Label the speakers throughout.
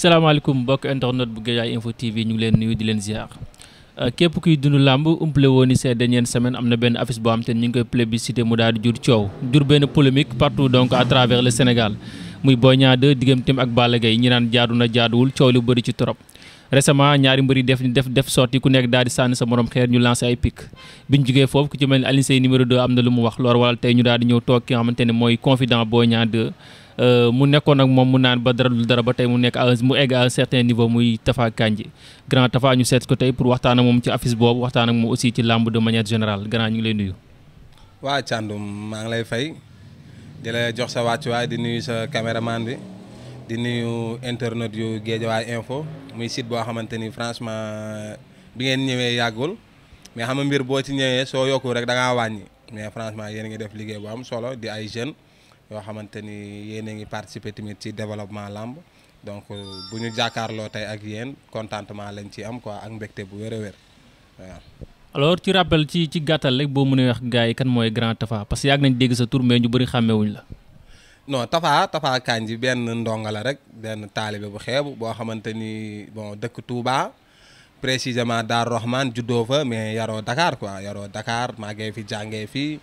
Speaker 1: salaamaaleykum mbokk internet bu Guédiawaye info TV ñu ngi leen nuyu di leen ziar euh, képp kuy dund làmb umpale woon ni ces dernières am na benn affiche boo xam te ni ñu ngi koy plébiscité mu daal di jur coow jur benn polémique partout donc à travers le Sénégal muy Boy Niang digganteem ak Balla Gaye ñi naan jaadu na jaaduwul coow lu bëri ci trop. récemment ñaari mbër yi def def def sorti ku nekk daal di sànni sa morom xeer ñu lancé ay pic biñ jugee foofu ku ci mel ni Alioune Seye numéro 2 am na lu mu wax loolu waral tey ñu daal Euh, mu nekkoon ak moom mu naan ba dara dul dara ba tey mu nekk à mu egg à un certain niveau muy Tafa Kandji grand Tafa ñu seet ko tey pour waxtaan ak moom ci affiche boobu waxtaan ak moom aussi ci làmb de manière générale grand ñu ngi lay nuyu.
Speaker 2: waa Thiandoum maa ngi lay fay di la jox sa wàccuwaay di nuyu sa caméraman bi di nuyu internet yu Guédiawaye info muy site boo xamante ni franchement bi ngeen ñëwee yàggul mais xam nga mbir boo ci ñëwee soo yokkul rek dangaa ngaa wàññi mais franchement yéen ngi def liggéey bu am solo di ay jeunes. yo xamanteni yene ngi participer timit ci développement lamb donc buñu jakarlo tay ak yene contentement lañ ci am quoi ak mbégte bu wéré wér
Speaker 1: alors ci rappel ci ci gatal rek bo mënee wax gaay kan moy grand tafa parce que yag nañ dégg sa tur mais ñu xamé wuñ la.
Speaker 2: non tafa tafa kanji ben ndongo la rek ben taalibe bu xébu bo xamanteni bon dekk Touba précisément dar Rahman juddoo fa mais yaro Dakar quoi yaro Dakar màggee fi jangé fi.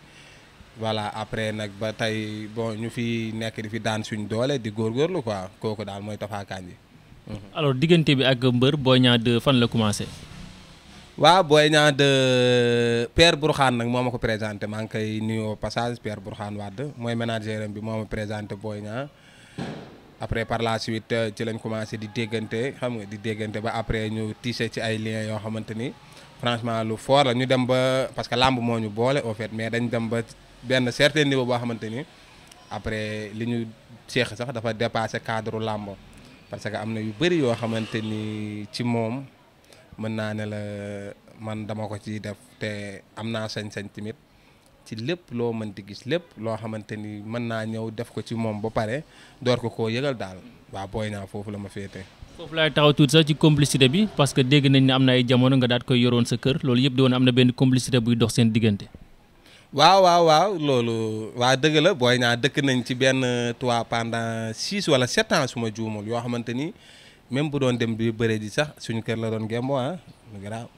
Speaker 2: voilà après nag ba tey bon ñu fi nekk di fi daan suñ doole di góor góorgóorlu quoi kooku daal mooy Tapha Kandji. Mhm.
Speaker 1: alors diggante bi ak mbër Boy ñaa 2 fan la commencé.
Speaker 2: waaw booy Boy Niang de Père xaan nag moom ma ko présenté maa ngi koy nuyoo passage Père Bourkhane Wade mooy manager bi moom ma présenté Boy Niang après par la suite euh, ci lañ commencé di déggante xam nga di déggante ba après ñu tissé ci ay lien yoo xamante ni franchement lu fort la ñu dem ba parce que làmb moo ñu boole au fait mais dañ dem ba benn certain niveau boo xamante ni après li ñu seex sax dafa dépassé cadre làmb parce que am na yu bëri yoo xamante ni ci moom mën naa ne la man dama ko ci def te am naa sañ-sañ tamit ci lépp loo mën di gis lépp loo xamante ni mën naa ñëw def ko ci moom ba pare door ko koo yëgal daal waa booy naa foofu la ma féetee.
Speaker 1: foofu laay taxaw tuuti sax ci complicité bi parce que dégg nañ ne am na ay jamono nga daat koy yoroon sa kër loolu yëpp di woon am na complicité buy dox seen diggante.
Speaker 2: waaw waaw waaw loolu waa dëgg la booy ñaa dëkk nañ ci benn toit pendant six wala sept ans su juumul yoo xamante ni même bu doon dem bi bëre ji sax suñ kër la doon gémbo ah lu garaaw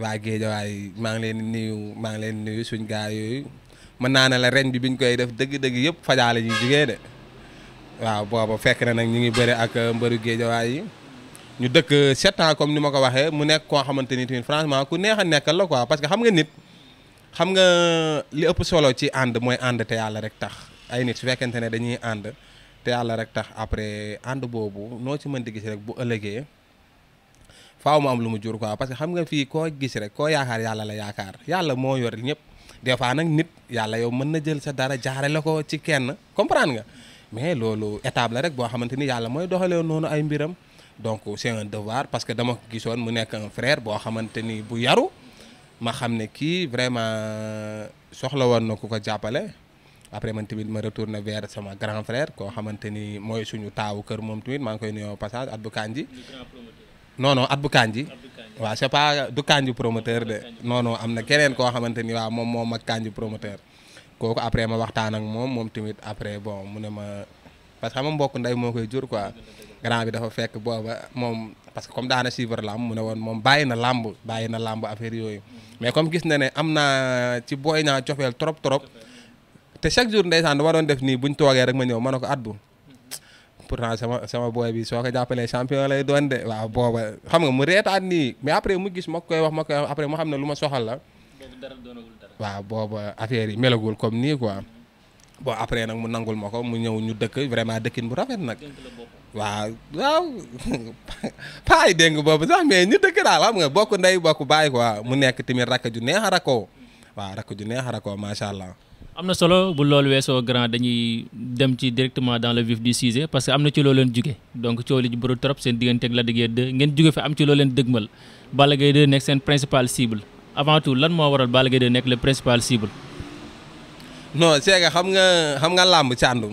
Speaker 2: waa Géejawaay maa ngi leen nuyu maa ngi leen nuyu suñ gaa yooyu mën naa ne la ren bi biñ koy def dëgg-dëgg yëpp fajaale ñu jugee de waaw booba fekk nag ñu ngi bëre ak mbëru Géejawaay yi ñu dëkk sept ans comme ni ma ko waxee mu nekk koo xamante ni tamit franchement ku neex a nekkal la quoi parce que xam nga nit xam nga li ëpp solo ci ànd mooy ànd te yàlla rek tax ay nit su fekkente ne dañuy ànd te yàlla rek tax après ànd boobu noo ci mën di gis rek bu ëllëgee faaw mu am lu mu jur quoi parce que xam nga fii koo gis rek koo yaakaar yàlla la yaakaar yàlla moo yor ñëpp des fois nag nit yàlla yow mën na jël sa dara jaare la ko ci kenn comprendre nga mais loolu étape la rek boo xamante ni yàlla mooy doxalee noonu ay mbiram donc c'est un devoir parce que dama ko gisoon mu nekk un boo xamante ni bu yaru ma xam ne kii vraiment soxla woon na ku ko jàppale après man tamit ma na vers sama grand frère koo xamante ni mooy suñu taawu kër moom tamit maa ngi koy nuyoo passage at bu kanji non non at bu kanji waaw c'est pas du kanji promoteur de noono am na keneen koo xamante ni waaw moom moom mag kanji promoteur kooku après ma waxtaan ak moom moom tamit après bon mu ne ma parce que xam nga mbokk ndey moo koy jur quoi grand bi dafa fekk booba moom parce que comme daana suivre làmb mu ne woon moom bàyyi na làmb bàyyi na làmb affaire yooyu mais comme gis na ne am naa ci booy ñaa cofeel trop trop te chaque jour ndeysaan dama doon def nii buñ toogee rek ma ñëw ma ne ko at bu pourtant sama sama booy bi soo ko jàppalee champion lay doon de waaw booba xam nga mu reetaat nii mais après mu gis ma koy wax ma après mu xam na lu ma soxal la waaw booba affaire yi melagul comme nii quoi bo après nag mu nangul ma ko mu ñëw ñu dëkk vraiment dëkkin bu rafet nag waaw waaw paay déng boobu sax mais ñu dëkk daal xam nga bokk ndey bokk bàyyi quoi mu nekk tamit rakk ju neex a rakkoo waaw rakk ju neex a rakkoo macha allah.
Speaker 1: am na solo bu loolu weesoo grand dañuy dem ci directement dans le vif du sujet parce que am na ci loo leen jóge donc coow li bëri trop seen diggante ak la dëggee de ngeen jóge fi am ci loo leen dëgmal Balla Gaye 2 nekk seen principal cible avant lan moo waral
Speaker 2: Balla Gaye nekk le principal cible. non c'est xam nga xam làmb càndum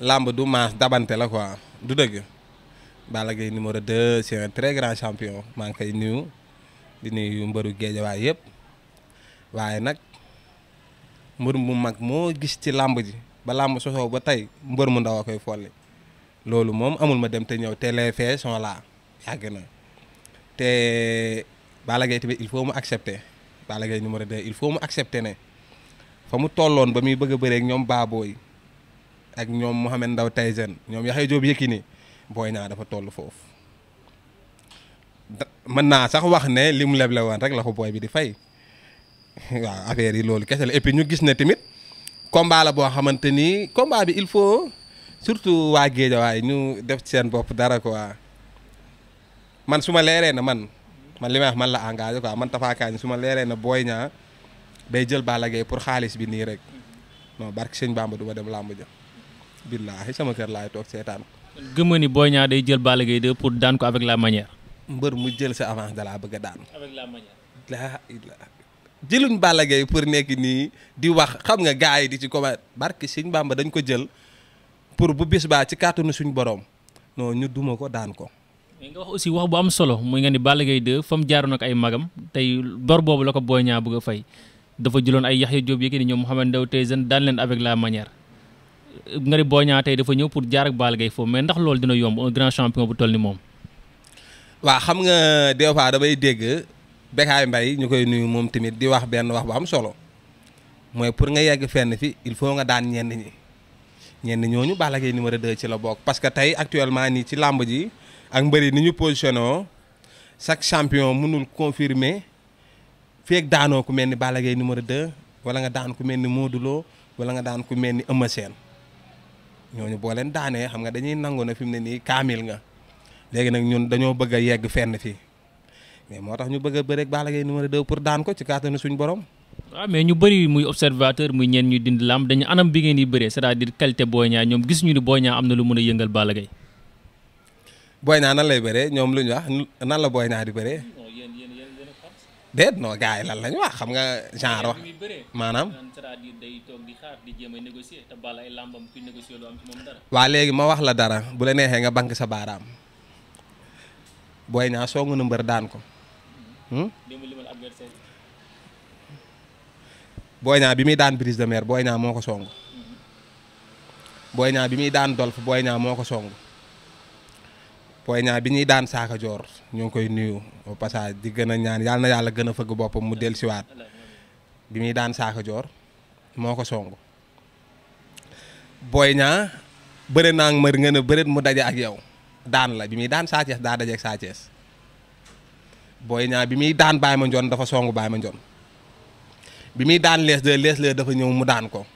Speaker 2: làmb du maas dabante la quoi du dëgg Balla Gaye numéro 2 c'est un très grand champion maa ngi koy nuyu di nuyu mbëru géejawaay yëpp waaye nag mbër mu mag moo gis ci làmb ji ba làmb sosoo ba tey mbër mu ndaw a koy folli loolu moom amul ma dem te ñëw te les faits sont là yàgg na te Balla Gaye il faut mu accepter Balla Gaye numéro 2 il faut mu accepter ne. fa mu tolloon ba muy bëgg a bëreeg ñoom Baboy ak ñoom Mohamed Ndaw tey Tyson ñoom Yaxya Joob Yékini booy Niang dafa toll foofu mën naa sax wax ne li mu leble woon rek la ko booy bi di fay waaw affaire yi loolu kese la et ñu gis ne tamit combat boo xamante ni combat bi il faut surtout waa waaye ñu def seen bopp dara quoi man su ma leeree na man man li may man la engagé quoi man tafaakaa ni su ma leeree na booy Niang day jël Balla Gaye pour xaalis bi nii rek non barki sëñ Bamba du ma dem làmb ja billaahi sama kër laay toog seetaan ko.
Speaker 1: gëmm ni Boy Niang day jël Balla Gaye pour daan ko avec la manière.
Speaker 2: mbër mu jël sa avance da laa bëgg a daan. avec la manière. laa jëluñ Balla pour nekk nii di wax xam nga gars yi di ci commencé barki sëñ Bamba dañ ko jël pour bu bis baa ci kàttanu suñ borom non ñu duma ko daan ko.
Speaker 1: mais nga wax aussi wax bu am solo muy nga ni Balla Gaye 2 fa mu jaaroon ay magam tey bor boobu la ko Boy Niang bëgg a fay. dafa jëloon ay Yaxya Diop ni ñoom Mouhamed Ndao Tyson daan leen avec la manière nga ni Boy Niang tey dafa ñëw pour jaar ak Balla Gaye foofu mais ndax loolu dina yomb un grand champion bu toll ni moom.
Speaker 2: waaw xam nga des fois damay dégg Bécaye Mbaye ñu koy nuyu moom tamit di wax benn wax bu am solo mooy pour nga yegg fenn fi il faut nga daan ñenn ñi ñenn ñooñu Balla Gaye numéro 2 ci la bokk parce que tey actuellement nii ci làmb ji ak mbëri ni ñu positionné chaque champion mënul confirmer. feeg daanoo ku mel ni Balla Gaye numéro 2 wala nga daan ku mel ni Modou Lo wala nga daan ku mel ni Eumeu Sène ñooñu boo leen daanee xam nga dañuy nangu na fi mu ne nii kaamil nga léegi nag ñun dañoo bëgg yegg fenn fii mais moo tax ñu bëgg bëri bëreeg Balla Gaye numéro pour daan ko ci kàttanu suñu borom.
Speaker 1: waaw mais ñu bëri muy observateur muy ñenn ñu dindi lamb dañu anam bi ngeen di bëree c'est-à-dire qualité Boy Niang ñoom gis ñu ni Boy Niang am na lu mën a yëngal Balla Gaye.
Speaker 2: Boy lay bëree ñoom lu ñu nan la Boy Niang di bëree. déet non gars yi lan lañu wax xam nga genre wax maanaam waa léegi ma wax la dara bu la neexee nga bank sa baaraam booy ñaa songu na mbër daan ko mm-hmm. hmm? booy ñaa bi muy daan brise de mer booy ñaa moo ko songu mm-hmm. booy ñaa bi muy daan dolf booy ñaa moo ko songu Boy Niang bi ñuy daan saaka joor ñu ngi koy nuyu au passage di gën a ñaan yàlla na yàlla gën a fëgg boppam mu del siwaat bi muy daan saaka joor moo ko song booy ñaa bëri naa mër nga ne bëreet mu daje ak yow daan la bi muy daan Sa Thiès daa daje ak booy Thiès bi muy daan Baye Mandione dafa songu Baye Mandione bi muy daan lees de lees le dafa ñëw mu daan ko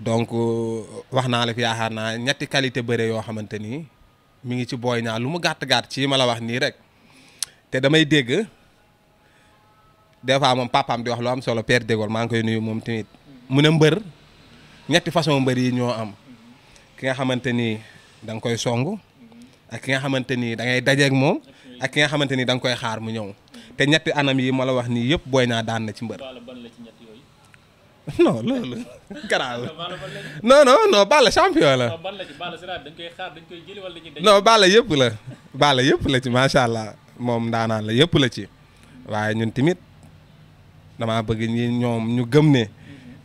Speaker 2: donc euh, wax naa la fi yaakaar naa ñetti qualité bëre yoo xamante ni mi ngi ci boy ñaa lu mu gatt gatt ci ma la wax ni rek te damay dégg des fois mom papam di wax lu am solo Père Dégol ma ngi koy nuyu mom tamit mu ne mbër ñetti façon mbeur yi ñoo am ki nga xamanteni dang koy songu ak ki nga xamanteni da ngay ak mom ak ki nga xamanteni dang koy xaar mu ñew te ñetti anam yi mala wax ni yépp boy na daan na ci mbër. non loolu. garaaw non champion la. non Balla yëpp la. Balla yëpp la ci macha allah moom ndaanaan la yëpp la ci. waaye ñun tamit damaa bëgg ñi ñoom ñu gëm ne.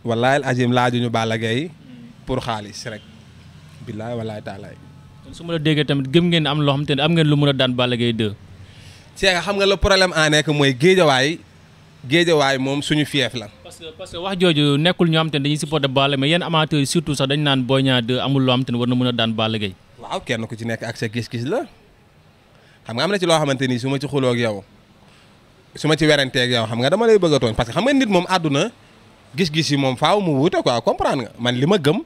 Speaker 2: walaayal ajim ñu Balla Gaye pour xaalis rek. billaay walaay taalaay.
Speaker 1: su ma la déggee tamit gëm ngeen am loo xam te ne am ngeen lu mën
Speaker 2: a daan Balla Gaye 2. Cheikh xam nga la problème en nekk mooy géejawaay. géejawaay moom suñu fief la. parce que parce
Speaker 1: que wax jooju nekkul ñoo xam te ne dañuy supporté Balla mais yéen amateurs yi surtout sax dañu naan
Speaker 2: Boy amul loo xam te ne war na mën a daan Balla Gaye. waaw kenn ku ci nekk ak sa gis-gis la xam nga am na ci loo xamante ni su ma ci xuloo ak yow su ma ci weranteeg yow xam nga dama lay bëgg a tooñ parce xam nga nit moom àdduna gis-gis yi moom faaw mu wuute quoi comprendre nga man li ma gëm.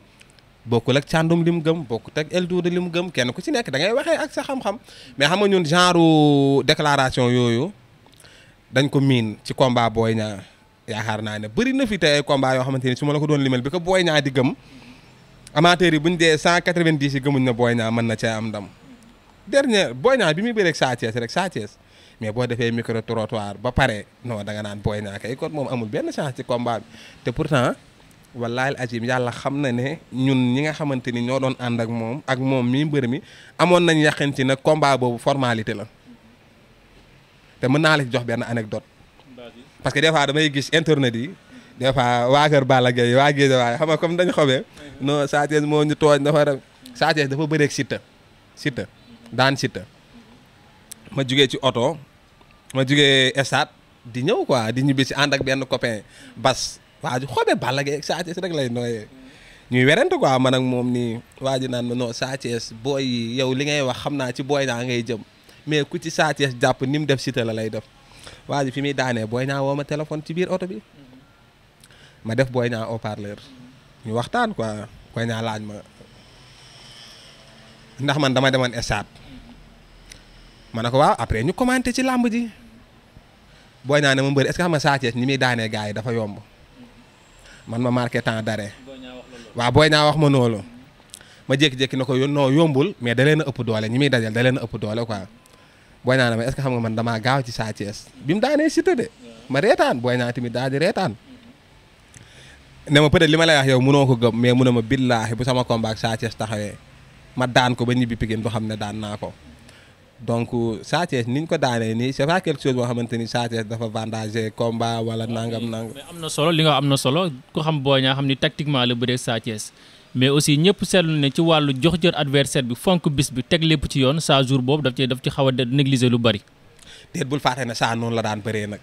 Speaker 2: bokkul ak càndum li mu gëm bokkut ak El Doudou li mu gëm kenn ku ci nekk da ngay waxee ak sa xam mais xam nga ñun genre déclaration yooyu dañ ko miin ci combat booy Niang yaakaar naa ne bëri na fi tey ay combat yoo xamante ni su ma la ko doon limal bi ko Boy Niang di gëm amateurs yi buñ dee cent quatre-vingt-dix yi gëmuñ na booy Niang mën na cee am ndam dernier Boy Niang bi muy bëreeg Sa Thiès rek Sa Thiès mais boo defee micro ba pare noo da nga naan Boy Niang kay kon moom amul benn chance ci combat bi te pourtant wallahi ajim yàlla xam na ne ñun ñi nga xamante ni ñoo doon ànd ak moom ak moom mii mbër mi amoon nañ yaqin ci nag combat boobu formalité la te mën naa la ci jox benn anecdote parce que des fois damay gis internet yi des fois waa kër Balla Gaye waa Géej waaye xam nga comme dañu xobee no Sa moo ñu tooñ dafa rek Sa dafa bëreeg Siteu Siteu daan Siteu ma jugee ci oto ma jugee stade di ñëw quoi di ñibbi si ànd ak benn copain bas waa ji xobee Balla ak Sa rek lay nooyee ñuy werante quoi man ak moom nii waa ji naan ma non Sa booy yi yow li ngay wax xam naa ci booy naa ngay jëm mais ku ci Sa Thiès jàpp ni mu def Siteu la lay def waa ji fi muy daanee booy Niang woo ma téléphone ci biir oto bi ma def booy Niang haut-parleur ñu waxtaan quoi Boy Niang laaj ma ndax man dama demoon stade ma ne ko waaw après ñu commenté ci làmb ji Boy Niang ne ma mbër est-ce que xam nga ni muy daanee gars yi dafa yomb man ma marqué temps d'arrêt waaw booy Niang wax ma noolu ma jékki-jékki na ko noo yombul mais da leen a ëpp doole ñi muy dajal da leen ëpp doole quoi booy naa ma est-ce que xam nga man damaa gaaw ci Sa Thiès bi mu daanee Siteu de ma reetaan booy naa tamit daal di reetaan ne ma peut-être li ma lay wax mënoo ko gëm mais mu ne ma billaahi bu sama combat ak tax Thiès ma daan ko ba ñibbi Pikine du xam ne daan naa ko donc Sa Thiès ni ñu ko daanee nii c'est pas quelque chose boo xamante ni Sa dafa vendangé combat wala nangam nangam. mais
Speaker 1: am na solo li nga am na solo ku xam booy ñaa xam ni tactiquement la bëree Sa Thiès mais aussi ñëpp seetlu ne ci wàllu jox jër adversaire bi fonk bis bi teg lépp ci yoon saa jour boobu daf ci daf ci xaw
Speaker 2: a négliger lu bari. déet bul fàtte ne noonu la daan bëree nag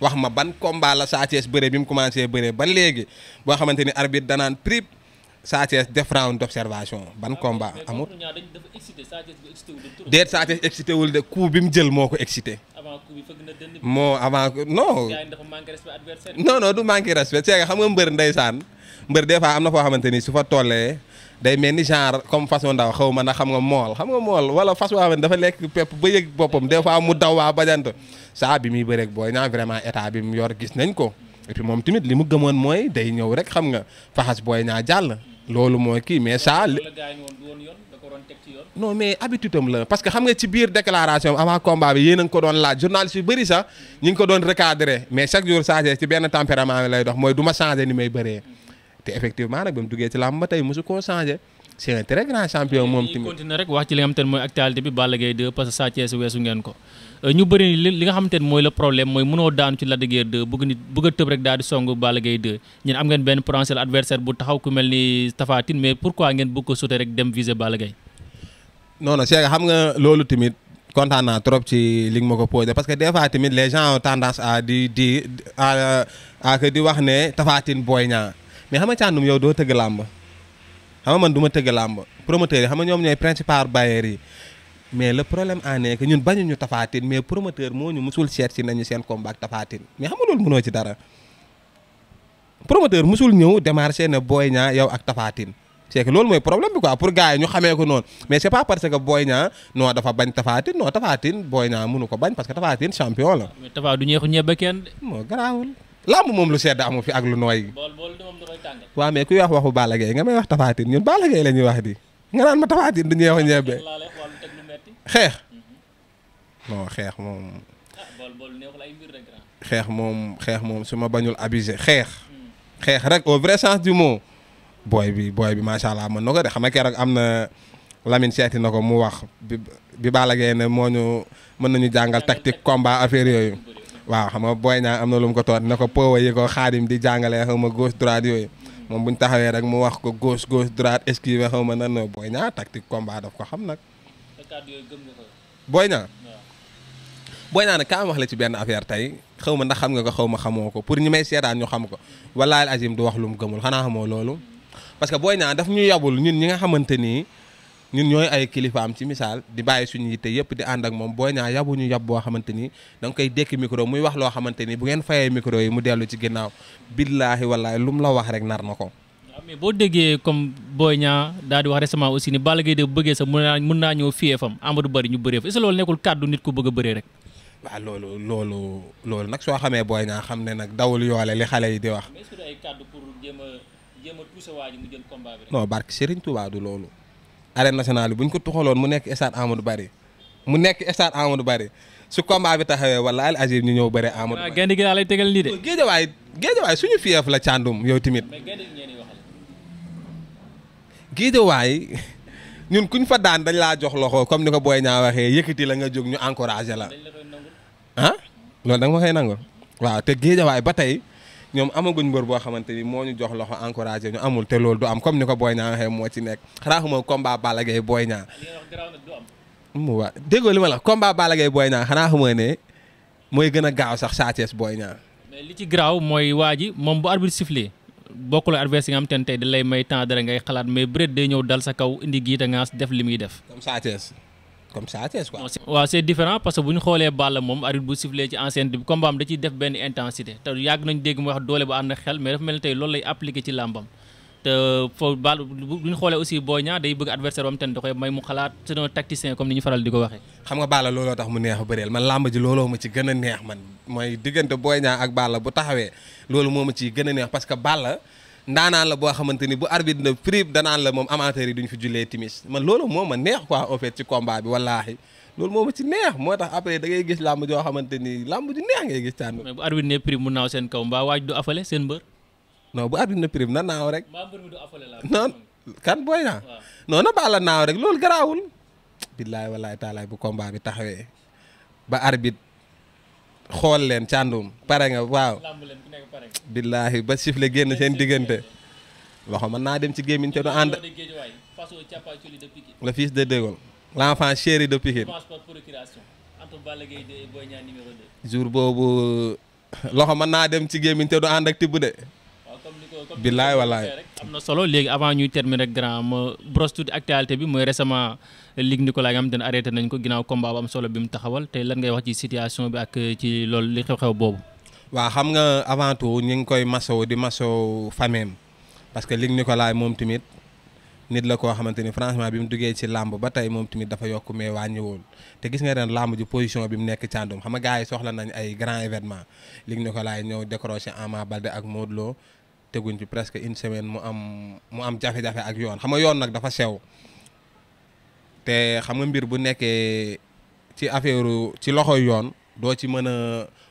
Speaker 2: wax ma ban combat la Sa bëree bi mu commencé bëree ba léegi boo xamante ni arbitre danaan prip Sa def round d'observation ban combat amul. déet Sa Thiès wul de coup bi mu jël moo ko excité. moo avant non. non non du manqué respect c'est xam nga mbër ndeysaan mbër des fois am na foo xamante ni su fa tollee day mel ni genre comme façon ndaw xaw ma na xam nga mool xam nga mool wala fas waa dafa lekk pepp ba yëg boppam des fois mu daw waa bajant saa bi muy bëreeg booy naa vraiment état bi mu yor gis nañ ko et puis moom tamit li mu gëmoon mooy day ñëw rek xam nga faxas booy ñaa jàll loolu mooy kii mais ça non mais habitude am la parce que xam nga ci biir déclaration avant combat bi yéen ngi ko doon laaj journaliste yu bëri sax ñu ngi ko doon recadré mais chaque jour changé ci benn tempérament lay dox mooy du ma changé ni may bëree te effectivement nag ba mu duggee ci làmb ba tey mosu koo changé c'est un très grand champion moom tamit
Speaker 1: continuer rek wax ci li nga xamante ne mooy actualité bi Balla Gaye 2 parce que Sa Thiès weesu ngeen ko euh, ñu bëri li nga xamante ne mooy la problème mooy mënoo daanu ci Lac de Guiers 2 nit bëgg a tëb rek daal di song Balla Gaye 2 ñeen am ngeen benn potentiel adversaire bu taxaw ku mel ni Tapha Tine mais pourquoi ngeen bëgg ko sauter rek dem viser Balla Gaye
Speaker 2: non xam nga loolu tamit kontaan naa trop ci li nga ma ko parce que des fois tamit les gens à di di à di wax ne Tapha Tine Boy mais xam nga càndum yow doo tëgg làmb xam nga man du ma tëgg làmb promoteur yi xam nga ñoom ñooy principal bailleurs yi mais la problème en est que ñun bañuñu tafaatin mais promoteur moo ñu musul seet si nañu seen combat ak tafaatin mais xam loolu mënoo ci dara promoteur musul ñëw démarché na booy Niang yow ak tafaatin c'est que loolu mooy problème bi quoi pour gars yi ñu xamee ko noonu mais c'est pas parce que Boy Niang non dafa bañ tafaatin non tafaatin Boy Niang mënu ko bañ parce que tafaatin champion la. làmb moom lu sedd amu fi ak lu nooy. bool bool moom da koy tàngal. kuy wax waxu Balla Gaye nga may wax Tapha Tine ñun Balla Gaye la ñuy wax di nga naan ma Tapha Tine du ñeex a ñebe. xeex. Mhm. xeex moom. Ah, xeex moom xeex moom su ma bañul abusé xeex. Mm. xeex rek au vrai sens du mot. booy bi booy bi macha allah mën na ko de xam nga keroog am na Lamine seeti na ko mu wax bi bi gay Gaye ne moo ñu mën nañu jàngal tactique combat affaire yooyu. waaw xam nga booy ñaa am na lu mu ko toot na ko poowa yi ko xaadim di jàngalee xaw ma gauche droite yooyu moom bu ñu taxawee rek mu wax ko gauche gauche droite esquive xaw ma nan booy ñaa tactique combat daf ko xam nag. booy ñaa booy ñaa nag kaa wax la ci benn affaire tey xaw ma ndax xam nga ko xaw ma xamoo ko pour ñi may seetaan ñu xam ko wallaahi azim du wax lu mu gëmul xanaa xamoo loolu parce que booy ñaa daf ñu yabul ñu ñi nga xamante nii ñun ñooy ay kilifaam ci misaal di bàyyi suñu yitte yëpp di ànd ak moom booy ñaa yabuñu yab boo xamante ni da nga koy dékki micro muy wax loo xamante ni bu ngeen fayee micro yi mu dellu ci ginnaaw billaahi wallaahi lu mu la wax rek nar na ko.
Speaker 1: mais boo déggee comme Boy ñaa daal di wax sama aussi ni Balla Gaye de bëggee sax mën naa mën naa ñëw fiyee fam Amadou Bari ñu bëree fa est loolu
Speaker 2: nekkul kàddu nit ko bëgg a bëree rek. waaw loolu loolu loolu nag soo xamee booy Niang xam ne nag dawul yoole li xale yi di wax.
Speaker 1: a jéem a touché
Speaker 2: waa ji du loolu. arène nationale bi bu ñu ko tuxaloon mu nekk stade Amadou Barry mu nekk stade Amadou Barry su combat bi taxawee wala al azim ñu ñëw bëre Amadou Barry. waaw génn gi daal lay tegal lii de. géejawaay géejawaay suñu fiyeef la càndum yow tamit. géejawaay ñun kuñ fa daan dañ laa jox loxo comme ni ko Boy Niang waxee yëkkati la nga jóg ñu encouragé la ah loolu da nga ma koy nangu waaw te géejawaay ba tey ñoom amaguñ mbër boo xamante ni moo ñu jox loxo encouragé ñu amul te loolu du am comme ni ko Boy Niang moo ci nekk xanaa xamoo combat Balla Gaye Boy Niang. mu waa déggoo li ma la ne mooy gën a gaaw sax Sa booy Boy Niang. li ci
Speaker 1: garaaw mooy waa ji moom bu arbitre sifflé bokkul adversaire nga xam te tey da lay may temps dara ngay xalaat mais bëreet day ñëw dal sa kaw indi giita ngaas def li muy def. comme Sa comme ça c'est quoi. c'est différent parce bu ñu xoolee Balla moom arbitre bu sifflee ci enceinte bi combat am da ciy def benn intensité te yàgg nañ dégg mu wax doole ba ànd ak xel mais dafa mel ni tey loolu lay appliqué ci làmbam te foofu Balla bu
Speaker 2: ñu xoolee aussi Boy Niang day bëgg adversaire bam ten da koy may mu xalaat c'est un tacticien comme ni ñu faral di ko waxee. xam nga Balla looloo tax mu neex bëreel man làmb ji looloo ma ci gën neex man ndaanaan la boo xamante ni bu arbitre na prix danaan la moom amateur yi duñ fi jullee timis man loolu moo a neex quoi au fait ci combat bi wallaahi loolu moo ma ci neex moo tax après da gis làmb joo xamante ni làmb ju neex ngay gis tànn. mais
Speaker 1: bu arbitre ne prix mu naaw seen kaw
Speaker 2: mbaa waaj du afale seen mbër. non bu arbitre ne prix na naaw rek. mbaa la. non kan booy naa. non na baal la naaw rek loolu garaawul. billaay walaay taalaay bu combat bi taxawee ba arbitre. xool leen càndum pare nga waaw. billaahi ba sifle génn seen diggante. loxo mën naa dem ci gémmiñ te du ànd. le fils de De Gaulle. l'enfant chéri de Pikine. jour boobu loxo mën naa dem ci gémmiñ te du ànd ak tibb de. billaay wallaay
Speaker 1: am na solo léegi avant ñuy terminer rek grand ma brosse tuuti actualité bi mooy resement Ligue Nicolas nga xam te ne nañ ko ginnaaw combat am solo
Speaker 2: bi mu taxawal tey lan ngay wax ci situation bi ci loolu li xew-xew boobu. waaw xam nga avant ñu ngi koy masow di masow fameem parce que Ligue Nicolas moom tamit nit la koo xamante ni franchement bi mu duggee ci làmb ba tey moom tamit dafa yokk mais wàññiwul te gis nga ren lamb ji position bi mu nekk càndum xam nga gars yi soxla nañ ay grand événement Ligue Nicolas ñëw décroché Ama Baldé ak Modou teguñ ci presque une semaine mu am mu am jafe-jafe ak yoon xam nga yoon nag dafa sew te xam nga mbir bu nekkee ci affaire ci loxo yoon doo ci mën a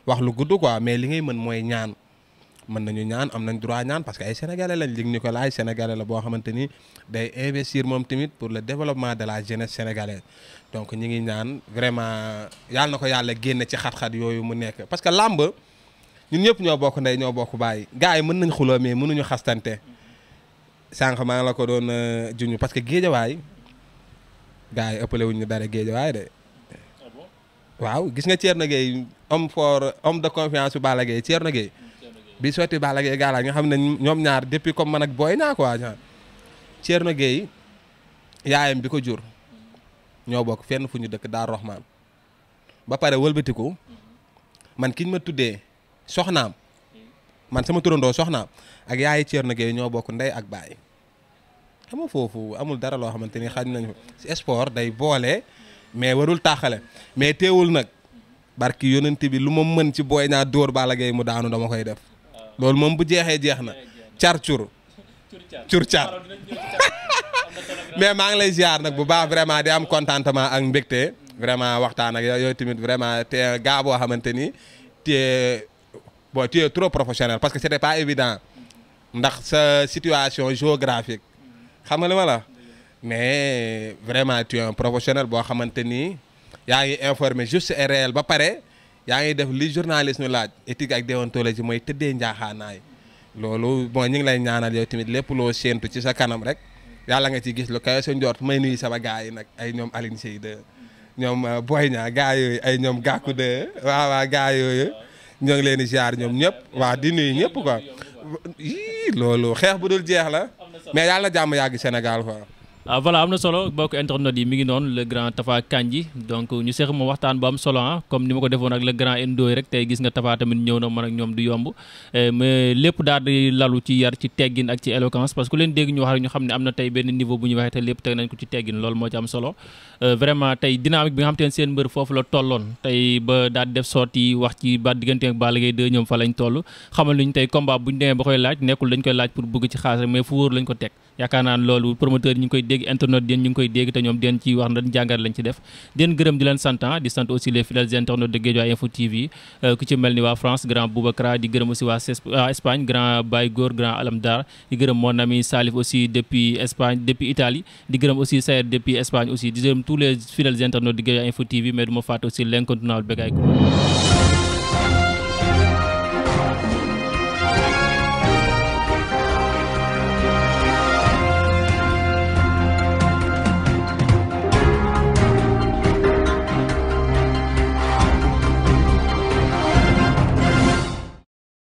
Speaker 2: wax lu gudd quoi mais li ngay mën mooy ñaan mën nañu ñaan am nañ droit ñaan parce que ay sénégalais lañ lig ñu ko laaj sénégalais la boo xamante ni day investir moom tamit pour le développement de la jeunesse sénégalaise donc ñi ngi ñaan vraiment yàlla na ko yàlla génne ci xat-xat yooyu mu nekk parce que làmb ñun ñëpp ñoo bokk ndey ñoo bokk bàyyi gars yi mën nañ xuloo mais mënuñu xastante sànq maa la ko doon euh, juñu parce que waay gars yi ëppale wuñ ñu dara géejawaay de ah waaw gis nga Thierno Gueye homme fort homme de confiance bu Balla Gaye Thierno mm, bi sotti Balla Gaye nga xam ne ñoom ñaar depuis comme man ak booy naa quoi genre Thierno Gueye yaayam bi ko jur ñoo bokk fenn fu ñu dëkk Daaru Rahman ba pare wëlbatiku mm-hmm. man kiñ ma tuddee. soxnaam man sama turandoo soxnaam ak yaayi na Gueye ñoo bokk ndey ak baay xam foofu amul dara loo xamante ni xaj nañu si sport day boole mais warul taaxale mais teewul nag barki yonent bi lu ma mën ci booy ñaa door Balla Gaye mu daanu dama koy def loolu moom bu jeexee jeex na car cur cur car mais maa ngi lay ziar nag bu baax vraiment di am contentement ak mbégte vraiment waxtaan ak yooyu tamit vraiment te gaa boo xamante ni te boo tu es trop professionnel parce que c'était pas évident ndax sa situation géographique xam nga li ma la mais vraiment tu es un professionnel boo xamante ni yaa ngi informé juste et ba pare yaa ngi def li journaliste ñu laaj éthique ak déontologie mooy tëddee njaaxaanaay loolu bon ñu ngi lay ñaanal yow tamit lépp loo séentu ci sa kanam rek yàlla nga ci gis lu kawe sa njort may nuyu sama gars nag ay ñoom Alioune Seye de ñoom euh, Boy Niang gars yooyu ay ñoom Gakou de ñoo ngi leen di ziar ñoom ñëpp waa di nuyu ñëpp quoi. yii loolu xeex bu dul jeex la mais yàlla jàmm yàgg senegal quoi.
Speaker 1: ah voilà am na solo mbokk internet yi mi ngi noonu le grand Tapha Kandji donc ñu seex moom waxtaan bu am ah, tey gis na man ak ñoom du yomb eh, mais lépp daal di eh, bi nga xam seen mbër foofu la tolloon tey ba daal def sortie wax ci ba diggante ak Balla Gaye 2 fa lañ toll xamal lu ñu tey combat bu ñu demee ba koy laaj nekkul dañ koy laaj pour bëgg ci xaas mais fu wóor lañ ko teg yaakaar naan loolu promoteur ñu koy dégg internet den ñu ngi koy dégg te ñoom den ci wax na jàngat lañ ci def den gërëm di leen sant ah, di sant aussi les fidèles internautes euh, di gërëm aussi waa di gërëm mon ami Salif aussi di gërëm aussi Sayer depuis Espagne aussi di gërëm tous les